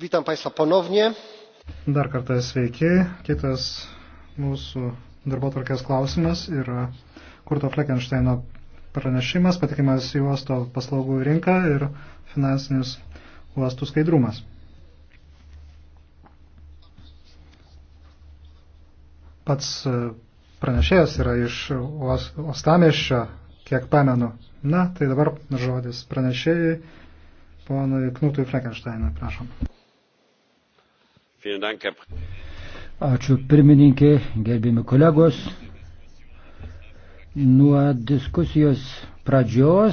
Witam Państwa ponownie. Dar kartą sveiki. Kitas mūsų darbo tvarkės klausimas yra Kurto Fleckensteino pranešimas, patikimas į uosto paslaugų rinką ir finansinis uostų skaidrumas. Pats e, pranešėjas yra iš Ostamešio, kiek pamenu. Na, tai dabar žodis pranešėjai ponui Knutui Fleckensteinui, prašom. Ačiū pirmininkė, gerbimi kolegos. Nuo diskusijos pradžios